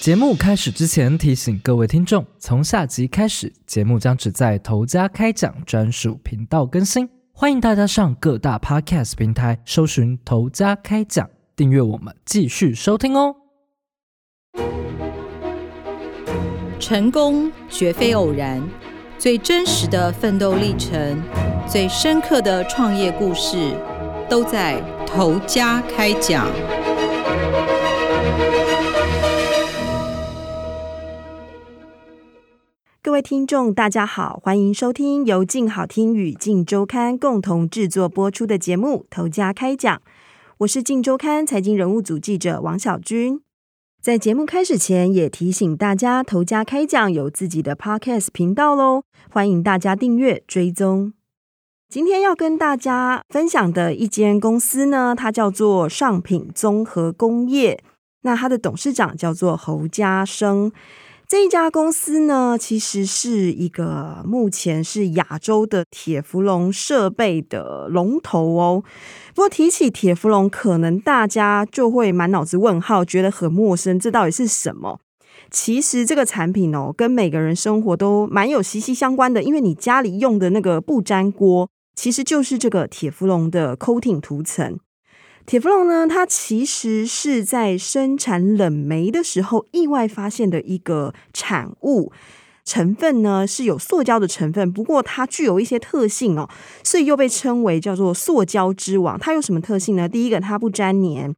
節目開始之前，提醒各位聽眾：從下集開始，節目將只在頭家開講專屬頻道更新。歡迎大家上各大 Podcast 平台搜尋“頭家開講”，訂閱我們，繼續收聽哦。成功絕非偶然，最真實的奮鬥歷程，最深刻的創業故事，都在頭家開講。各位聽眾，大家好，歡迎收聽由鏡好聽與鏡周刊共同制作播出的節目《頭家開講》，我是鏡周刊財經人物組記者王小軍。在節目開始前，也提醒大家，頭家開講有自己的 podcast 頻道嘍，歡迎大家訂閱追蹤。今天要跟大家分享的一間公司呢，它叫做上品綜合工業，那它的董事長叫做侯嘉生。這一家公司呢，其實是一個目前是亞洲的鐵氟龍設備的龍頭哦。不過提起鐵氟龍，可能大家就會滿腦子問號，覺得很陌生。這到底是什麼？其實這個產品哦，跟每個人生活都蠻有息息相關的，因為你家裡用的那個不粘鍋，其實就是這個鐵氟龍的 coating 塗層。鐵氟龍呢，它其實是在生產冷媒的時候意外發現的一個產物成分呢，是有塑膠的成分。不過它具有一些特性哦，所以又被稱為叫做塑膠之王。它有什麼特性呢？第一個，它不粘黏；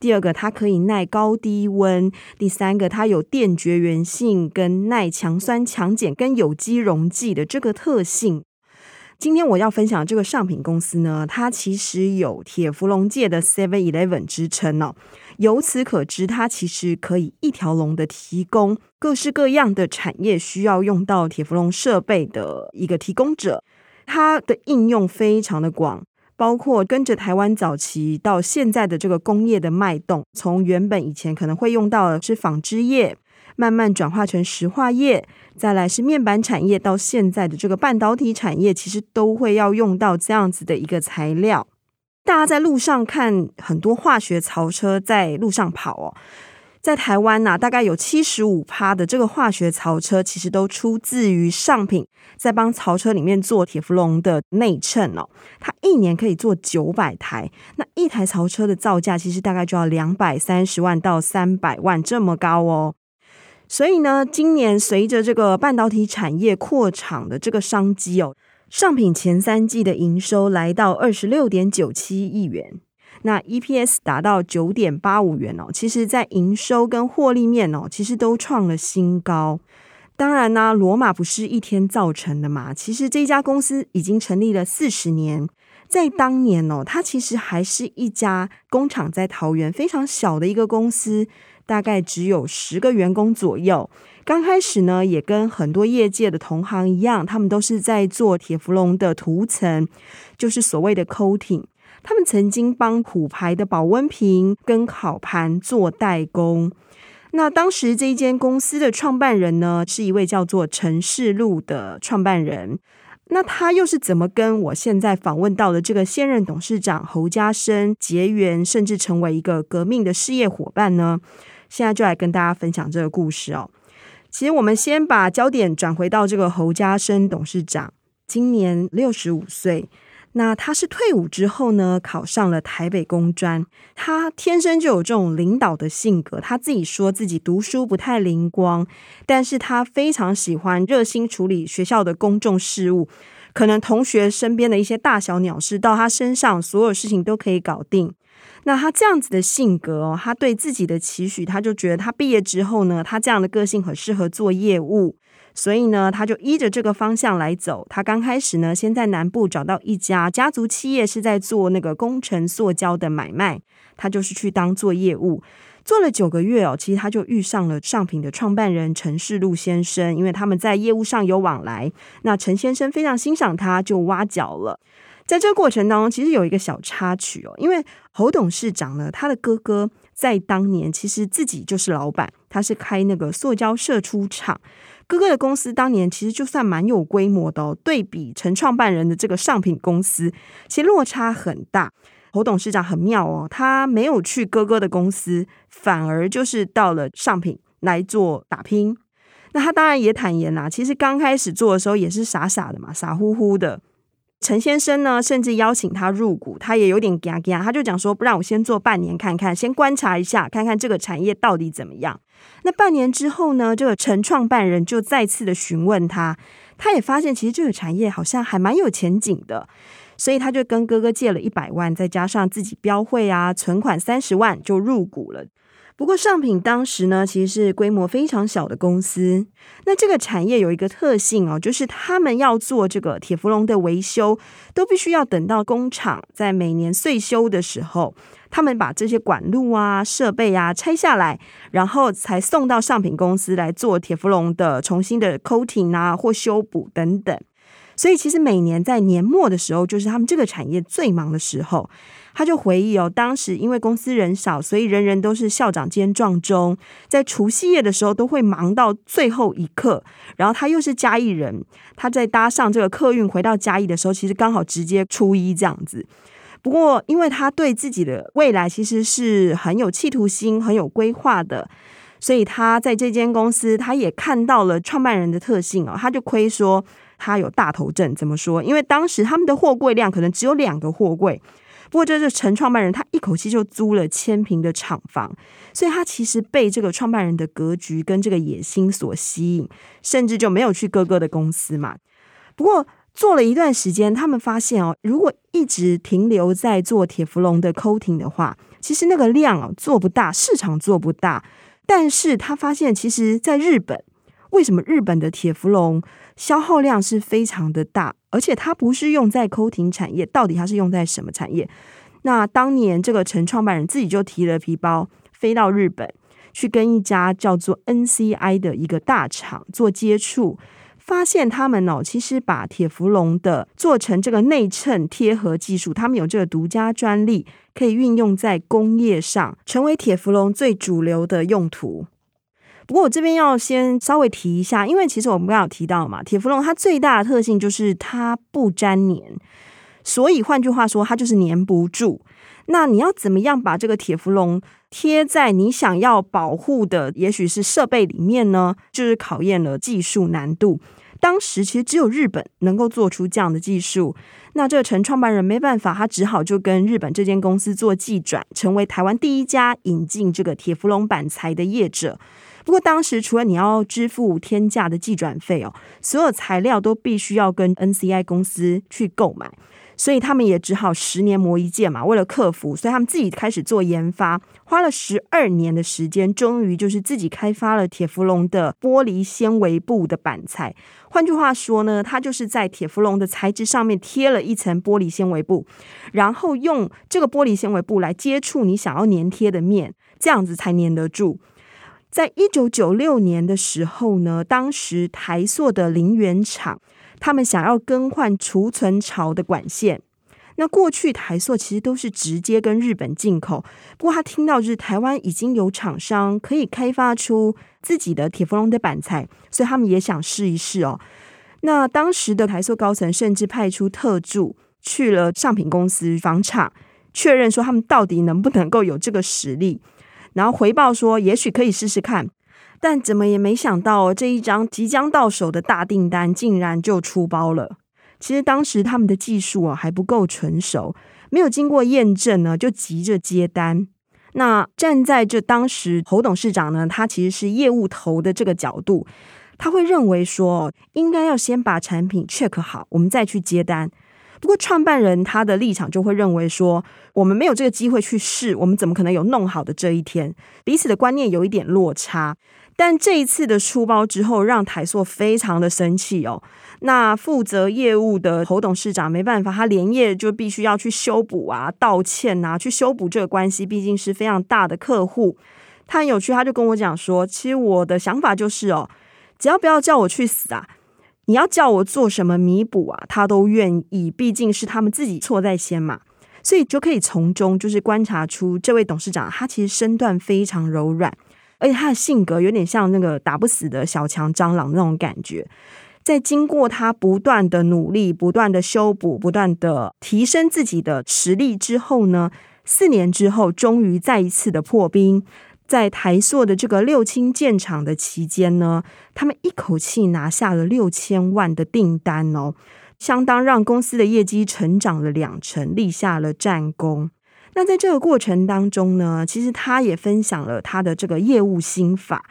第二個，它可以耐高低溫；第三個，它有電絕緣性跟耐強酸強鹼跟有機溶劑的這個特性。今天我要分享的這個上品公司呢，它其實有鐵氟龍界的 Seven Eleven 之稱哦。由此可知，它其實可以一條龍的提供各式各樣的產業需要用到鐵氟龍設備的一個提供者。它的應用非常的廣，包括跟着台灣早期到現在的這個工業的脈動，從原本以前可能會用到的是紡織業。慢慢轉化成石化業，再來是面板產業，到現在的這個半導體產業，其實都會要用到這樣子的一個材料。大家在路上看很多化學槽車在路上跑哦，在台灣吶、啊，大概有七十五趴的這個化學槽車，其實都出自於上品，在幫槽車裡面做鐵氟龍的內襯哦。它一年可以做九百台，那一台槽車的造價其實大概就要兩百三十萬到三百萬這麼高哦。所以呢，今年隨着這個半導體產業擴廠的這個商機哦，上品前三季的營收來到二十六點九七億元，那 EPS 達到九點八五元哦，其實在營收跟獲利面哦，其實都創了新高。當然呢、啊，羅馬不是一天造成的嘛，其實這家公司已經成立了四十年，在當年哦，它其實還是一家工廠在桃園非常小的一個公司。大概只有十個員工左右。剛開始呢，也跟很多業界的同行一樣，他們都是在做鐵氟龍的塗層，就是所謂的 coating。他們曾經幫虎牌的保溫瓶跟烤盤做代工。那當時這一間公司的創辦人呢，是一位叫做陳世祿的創辦人。那他又是怎麼跟我現在訪問到的這個現任董事長侯嘉生結緣，甚至成為一個革命的事業夥伴呢？現在就來跟大家分享這個故事哦。其實我們先把焦點轉回到這個侯嘉生董事長，今年六十五歲。那他是退伍之後呢，考上了台北工專。他天生就有這種領導的性格。他自己說自己讀書不太靈光，但是他非常喜歡熱心處理學校的公眾事務。可能同學身邊的一些大小鳥事到他身上，所有事情都可以搞定。那他這樣子的性格哦，他對自己的期許，他就覺得他畢業之後呢，他這樣的個性很適合做業務，所以呢，他就依着這個方向來走。他剛開始呢，先在南部找到一家家族企業，是在做那個工程塑膠的買賣，他就是去當做業務，做了九個月哦，其實他就遇上了上品的創辦人陳世祿先生，因為他們在業務上有往來，那陳先生非常欣賞他，就挖角了。在這個過程當中，其實有一個小插曲哦。因為侯董事長呢，他的哥哥在當年其實自己就是老闆，他是開那個塑膠射出廠。哥哥的公司當年其實就算蠻有規模的哦，對比陳創辦人的這個上品公司，其實落差很大。侯董事長很妙哦，他沒有去哥哥的公司，反而就是到了上品來做打拼。那他當然也坦言啦、啊，其實剛開始做的時候也是傻傻的嘛，傻乎乎的。陳先生呢，甚至邀請他入股，他也有點尷尬，他就講說：“不讓我先做半年看看，先觀察一下，看看這個產業到底怎麼樣。”那半年之後呢，這個陳創辦人就再次的詢問他，他也發現其實這個產業好像還蠻有前景的，所以他就跟哥哥借了一百萬，再加上自己標會啊存款三十萬就入股了。不過，上品當時呢，其實是規模非常小的公司。那這個產業有一個特性哦，就是他們要做這個鐵氟龍的維修，都必須要等到工廠在每年歲修的時候，他們把這些管路啊、設備啊拆下來，然後才送到上品公司來做鐵氟龍的重新的 coating 啊或修補等等。所以其實每年在年末的時候，就是他們這個產業最忙的時候。他就回憶哦，當時因為公司人少，所以人人都是校長兼撞鐘。在除夕夜的時候，都會忙到最後一刻。然後他又是嘉義人，他在搭上這個客運回到嘉義的時候，其實剛好直接初一這樣子。不過，因為他對自己的未來其實是很有企圖心、很有規劃的，所以他在這間公司，他也看到了創辦人的特性哦。他就虧說。他有大頭症，怎麼說？因為當時他們的貨櫃量可能只有兩個貨櫃，不過這是陳創辦人他一口氣就租了千平的廠房，所以他其實被這個創辦人的格局跟這個野心所吸引，甚至就沒有去哥哥的公司嘛。不過做了一段時間，他們發現哦，如果一直停留在做鐵氟龍的 coating 的話，其實那個量、啊、做不大，市場做不大。但是他發現，其實在日本，為什麼日本的鐵氟龍消耗量是非常的大，而且它不是用在 coating 產業，到底它是用在什麼產業？那當年這個陳創辦人自己就提了皮包，飛到日本去跟一家叫做 NCI 的一個大廠做接觸，發現他們哦，其實把鐵氟龍的做成這個內襯貼合技術，他們有這個獨家專利，可以運用在工業上，成為鐵氟龍最主流的用途。不過我這邊要先稍微提一下，因為其實我們剛有提到嘛，鐵氟龍它最大的特性就是它不粘黏，所以換句話說，它就是粘不住。那你要怎麼樣把這個鐵氟龍貼在你想要保護的，也許是設備裡面呢？就是考驗了技術難度。當時其實只有日本能夠做出這樣的技術，那這個陳創辦人沒辦法，他只好就跟日本這間公司做技轉，成為台灣第一家引進這個鐵氟龍板材的業者。不過當時除了你要支付天價的技轉費哦，所有材料都必須要跟 NCI 公司去購買，所以他們也只好十年磨一劍嘛。為了克服，所以他們自己開始做研發，花了十二年的時間，終於就是自己開發了鐵氟龍的玻璃纖維布的板材。換句話說呢，它就是在鐵氟龍的材質上面貼了一層玻璃纖維布，然後用這個玻璃纖維布來接觸你想要粘貼的面，這樣子才粘得住。在一九九六年的時候呢，當時台塑的林園廠，他們想要更換儲存槽的管線。那過去台塑其實都是直接跟日本進口，不過他聽到是台灣已經有廠商可以開發出自己的鐵氟龍的板材，所以他們也想試一試哦。那當時的台塑高層甚至派出特助去了上品公司訪廠，確認說他們到底能不能夠有這個實力。然後回報說，也許可以試試看，但怎麼也沒想到這一張即將到手的大訂單竟然就出包了。其實當時他們的技術啊還不夠成熟，沒有經過驗證呢，就急着接單。那站在這當時侯董事長呢，他其實是業務頭的這個角度，他會認為說，應該要先把產品 check 好，我們再去接單。不過，創辦人他的立場就會認為說，我們沒有這個機會去試，我們怎麼可能有弄好的這一天？彼此的觀念有一點落差。但這一次的出包之後，讓台塑非常的生氣哦。那負責業務的侯董事長沒辦法，他連夜就必須要去修補啊、道歉吶、啊，去修補這個關係，畢竟是非常大的客戶。他很有趣，他就跟我講說，其實我的想法就是哦，只要不要叫我去死啊。你要叫我做什麼彌補啊？他都願意，畢竟是他們自己錯在先嘛，所以就可以從中就是觀察出這位董事長，他其實身段非常柔軟，而且他的性格有點像那個打不死的小強蟑螂那種感覺。在經過他不斷的努力、不斷的修補、不斷的提升自己的實力之後呢，四年之後終於再一次的破冰。在台塑的這個六輕建廠的期間呢，他們一口氣拿下了六千萬的訂單哦，相當讓公司的業績成長了兩成，立下了戰功。那在這個過程當中呢，其實他也分享了他的這個業務心法。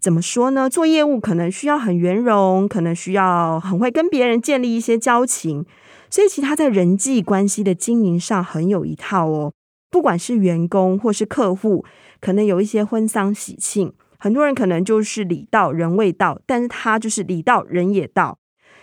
怎麼說呢？做業務可能需要很圓融，可能需要很會跟別人建立一些交情，所以其實他在人際關係的經營上很有一套哦。不管是員工或是客戶。可能有一些婚喪喜慶，很多人可能就是禮到人未到，但是他就是禮到人也到，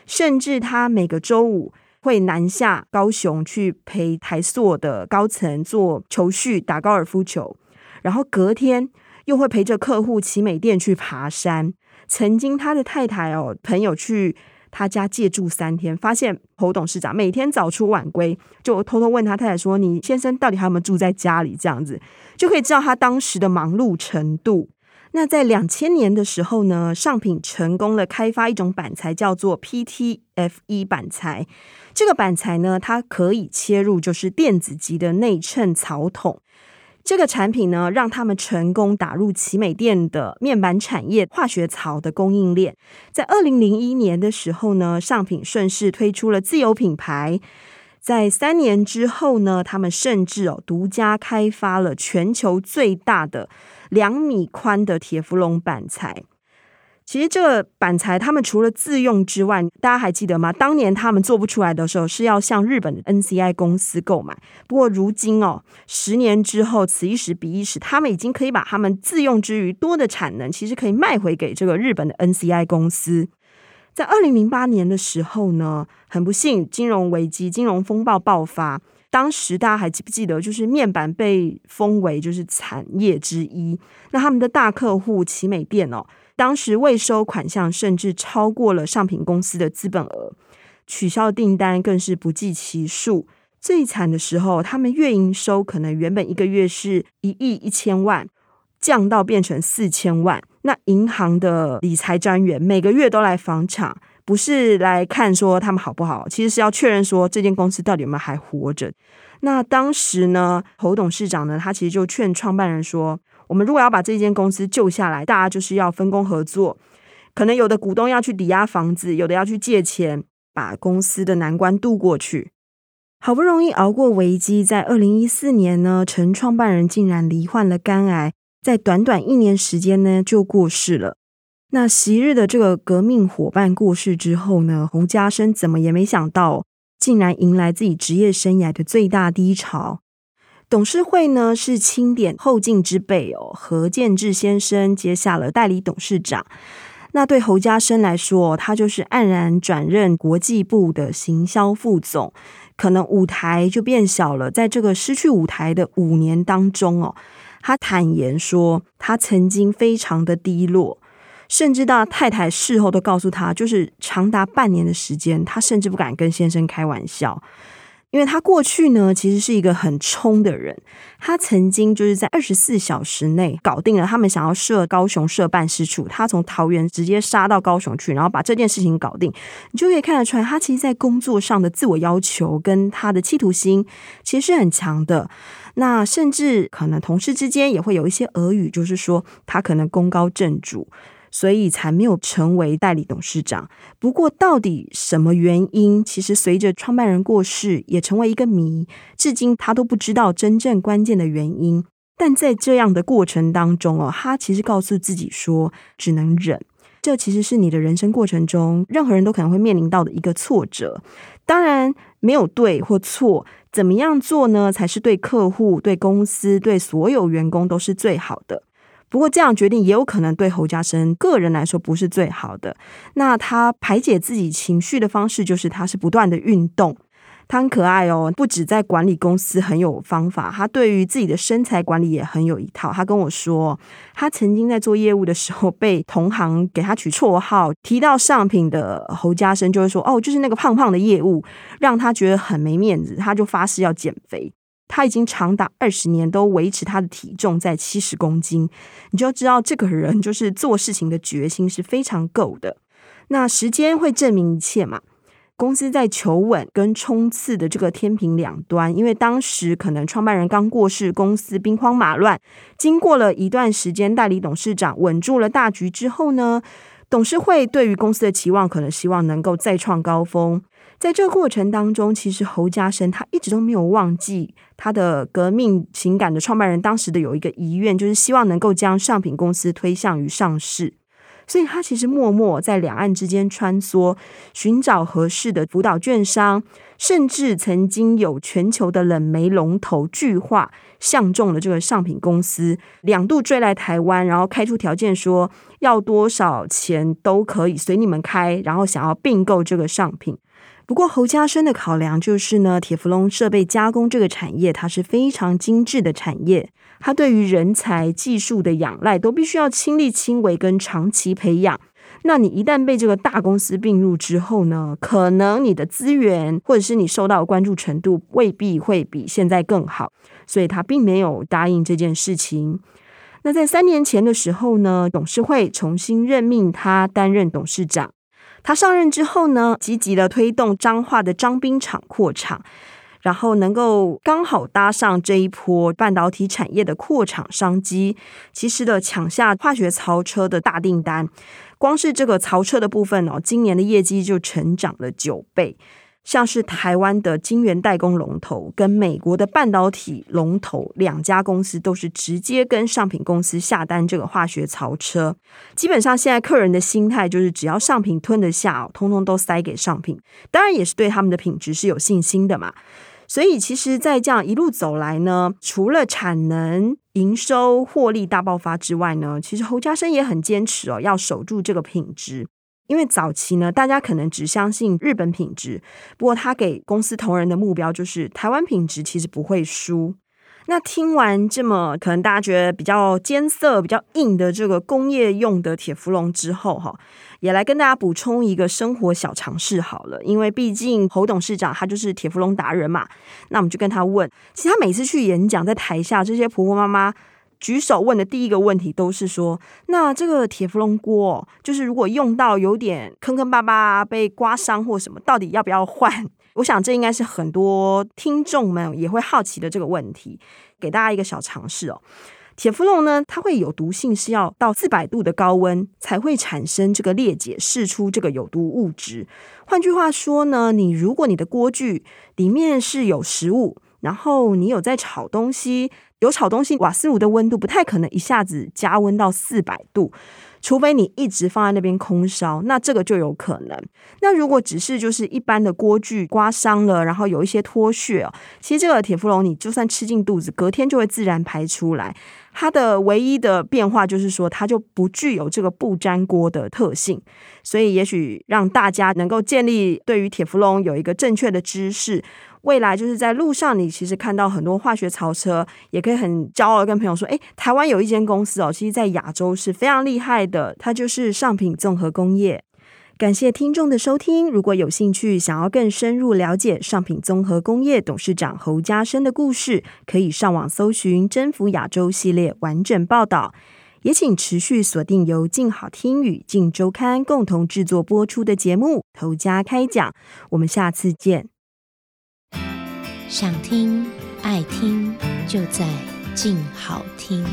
甚至他每個周五會南下高雄去陪台塑的高層做球敘，打高爾夫球，然後隔天又會陪着客戶奇美店去爬山。曾經他的太太哦，朋友去，他家借住三天，發現侯董事長每天早出晚歸，就偷偷問他太太說：“你先生到底還有沒有住在家裡？”這樣子就可以知道他當時的忙碌程度。那在兩千年的時候呢，上品成功地開發一種板材，叫做 PTFE 板材。這個板材呢，它可以切入就是電子級的內襯槽筒。這個產品呢，讓他們成功打入奇美電的面板產業化學槽的供應鏈。在二零零一年的時候呢，上品順勢推出了自有品牌。在三年之後呢，他們甚至哦，獨家開發了全球最大的兩米寬的鐵氟龍板材。其實這個板材，他們除了自用之外，大家還記得嗎？當年他們做不出來的時候，是要向日本的 NCI 公司購買。不過如今哦，十年之後，此一時彼一時，他們已經可以把他們自用之餘多的產能，其實可以賣回給這個日本的 NCI 公司。在二零零八年的時候呢，很不幸，金融危機、金融風暴爆發。當時大家還記不記得，就是面板被封為就是產業之一，那他們的大客戶奇美電哦。當時未收款項甚至超過了上品公司的資本額，取消訂單更是不計其數。最慘的時候，他們月營收可能原本一個月是一億一千萬，降到變成四千萬。那銀行的理財專員每個月都來訪廠，不是來看說他們好不好，其實是要確認說這間公司到底有沒有還活着。那當時呢，侯董事長呢，他其實就勸創辦人說。我們如果要把這間公司救下來，大家就是要分工合作。可能有的股東要去抵押房子，有的要去借錢，把公司的難關度過去。好不容易熬過危機，在二零一四年呢，陳創辦人竟然罹患了肝癌，在短短一年時間呢就過世了。那昔日的這個革命夥伴過世之後呢，侯嘉生怎麼也沒想到，竟然迎來自己職業生涯的最大低潮。董事會呢是清點後進之輩哦，何建志先生接下了代理董事長。那對侯嘉生來說，他就是黯然轉任國際部的行銷副總，可能舞台就變小了。在這個失去舞台的五年當中哦，他坦言說，他曾經非常的低落，甚至到太太事後都告訴他，就是長達半年的時間，他甚至不敢跟先生開玩笑。因為他過去呢，其實是一個很衝的人。他曾經就是在二十四小時內搞定了他們想要設高雄設辦事處。他從桃園直接殺到高雄去，然後把這件事情搞定。你就可以看得出來，他其實，在工作上的自我要求跟他的企圖心，其實是很強的。那甚至可能同事之間也會有一些耳語，就是說他可能功高震主。所以才沒有成為代理董事長。不過，到底什麼原因？其實隨着創辦人過世，也成為一個謎。至今他都不知道真正關鍵的原因。但在這樣的過程當中哦，他其實告訴自己說，只能忍。這其實是你的人生過程中，任何人都可能會面臨到的一個挫折。當然，沒有對或錯，怎麼樣做呢，才是對客戶、對公司、對所有員工都是最好的。不過這樣決定也有可能對侯嘉生個人來說不是最好的。那他排解自己情緒的方式就是，他是不斷的運動。他很可愛哦，不止在管理公司很有方法，他對於自己的身材管理也很有一套。他跟我說，他曾經在做業務的時候被同行給他取綽號，提到上品的侯嘉生就會說：“哦，就是那個胖胖的業務”，讓他覺得很沒面子，他就發誓要減肥。他已經長達二十年都維持他的體重在七十公斤，你就知道這個人就是做事情的決心是非常夠的。那時間會證明一切嘛？公司在求穩跟衝刺的這個天平兩端，因為當時可能創辦人剛過世，公司兵荒馬亂。經過了一段時間，代理董事長穩住了大局之後呢，董事會對於公司的期望，可能希望能夠再創高峰。在這個過程當中，其實侯嘉生他一直都沒有忘記他的革命情感的創辦人當時的有一個遺願，就是希望能夠將上品公司推向於上市，所以他其實默默在兩岸之間穿梭，尋找合適的輔導券商，甚至曾經有全球的冷媒龍頭巨化相中了這個上品公司，兩度追來台灣，然後開出條件說要多少錢都可以隨你們開，然後想要併購這個上品。不過侯嘉生的考量就是呢，鐵氟龍設備加工這個產業，它是非常精致的產業，它對於人才、技術的仰賴都必須要親力親為跟長期培養。那你一旦被這個大公司併入之後呢，可能你的資源或者是你受到關注程度未必會比現在更好，所以他並沒有答應這件事情。那在三年前的時候呢，董事會重新任命他擔任董事長。他上任之後呢，積極的推動彰化的彰濱廠擴廠，然後能夠剛好搭上這一波半導體產業的擴廠商機，及時的搶下化學槽車的大訂單。光是這個槽車的部分哦，今年的業績就成長了九倍。像是台灣的晶圓代工龍頭跟美國的半導體龍頭兩家公司，都是直接跟上品公司下單這個化學槽車。基本上現在客人的心態就是，只要上品吞得下、哦，通通都塞給上品。當然也是對他們的品質是有信心的嘛。所以其實，在這樣一路走來呢，除了產能、營收、獲利大爆發之外呢，其實侯嘉生也很堅持哦，要守住這個品質。因為早期呢，大家可能只相信日本品質。不過，他給公司同仁的目標就是台灣品質其實不會輸。那聽完這麼可能大家覺得比較艱澀、比較硬的這個工業用的鐵氟龍之後，哈，也來跟大家補充一個生活小常識好了。因為畢竟侯董事長他就是鐵氟龍達人嘛，那我們就跟他問，其實他每次去演講，在台下這些婆婆媽媽。舉手問的第一個問題都是說，那這個鐵氟龍鍋哦，就是如果用到有點坑坑巴巴、被刮傷或什麼，到底要不要換？我想這應該是很多聽眾們也會好奇的這個問題。給大家一個小常識哦，鐵氟龍呢，它會有毒性，是要到四百度的高溫才會產生這個裂解，釋出這個有毒物質。換句話說呢，你如果你的鍋具裡面是有食物。然後你有在炒東西，有炒東西，瓦斯爐的溫度不太可能一下子加溫到四百度，除非你一直放在那邊空燒，那這個就有可能。那如果只是就是一般的鍋具刮傷了，然後有一些脫屑，其實這個鐵氟龍你就算吃進肚子，隔天就會自然排出來。它的唯一的變化就是說，它就不具有這個不粘鍋的特性。所以也許讓大家能夠建立對於鐵氟龍有一個正確的知識。未來就是在路上，你其實看到很多化學槽車，也可以很驕傲地跟朋友說，誒，台灣有一間公司哦，其實在亞洲是非常厲害的，它就是上品綜合工業。感謝聽眾的收聽，如果有興趣想要更深入了解上品綜合工業董事長侯嘉生的故事，可以上網搜尋《征服亞洲》系列完整報道。也請持續鎖定由靜好聽與靜周刊共同制作播出的節目《頭家開講》，我們下次見。想聽、愛聽，就在鏡好聽。